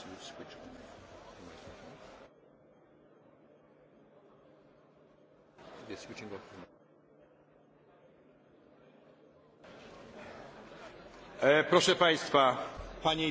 is you switch off. They're switching off. E, proszę Państwa, Panie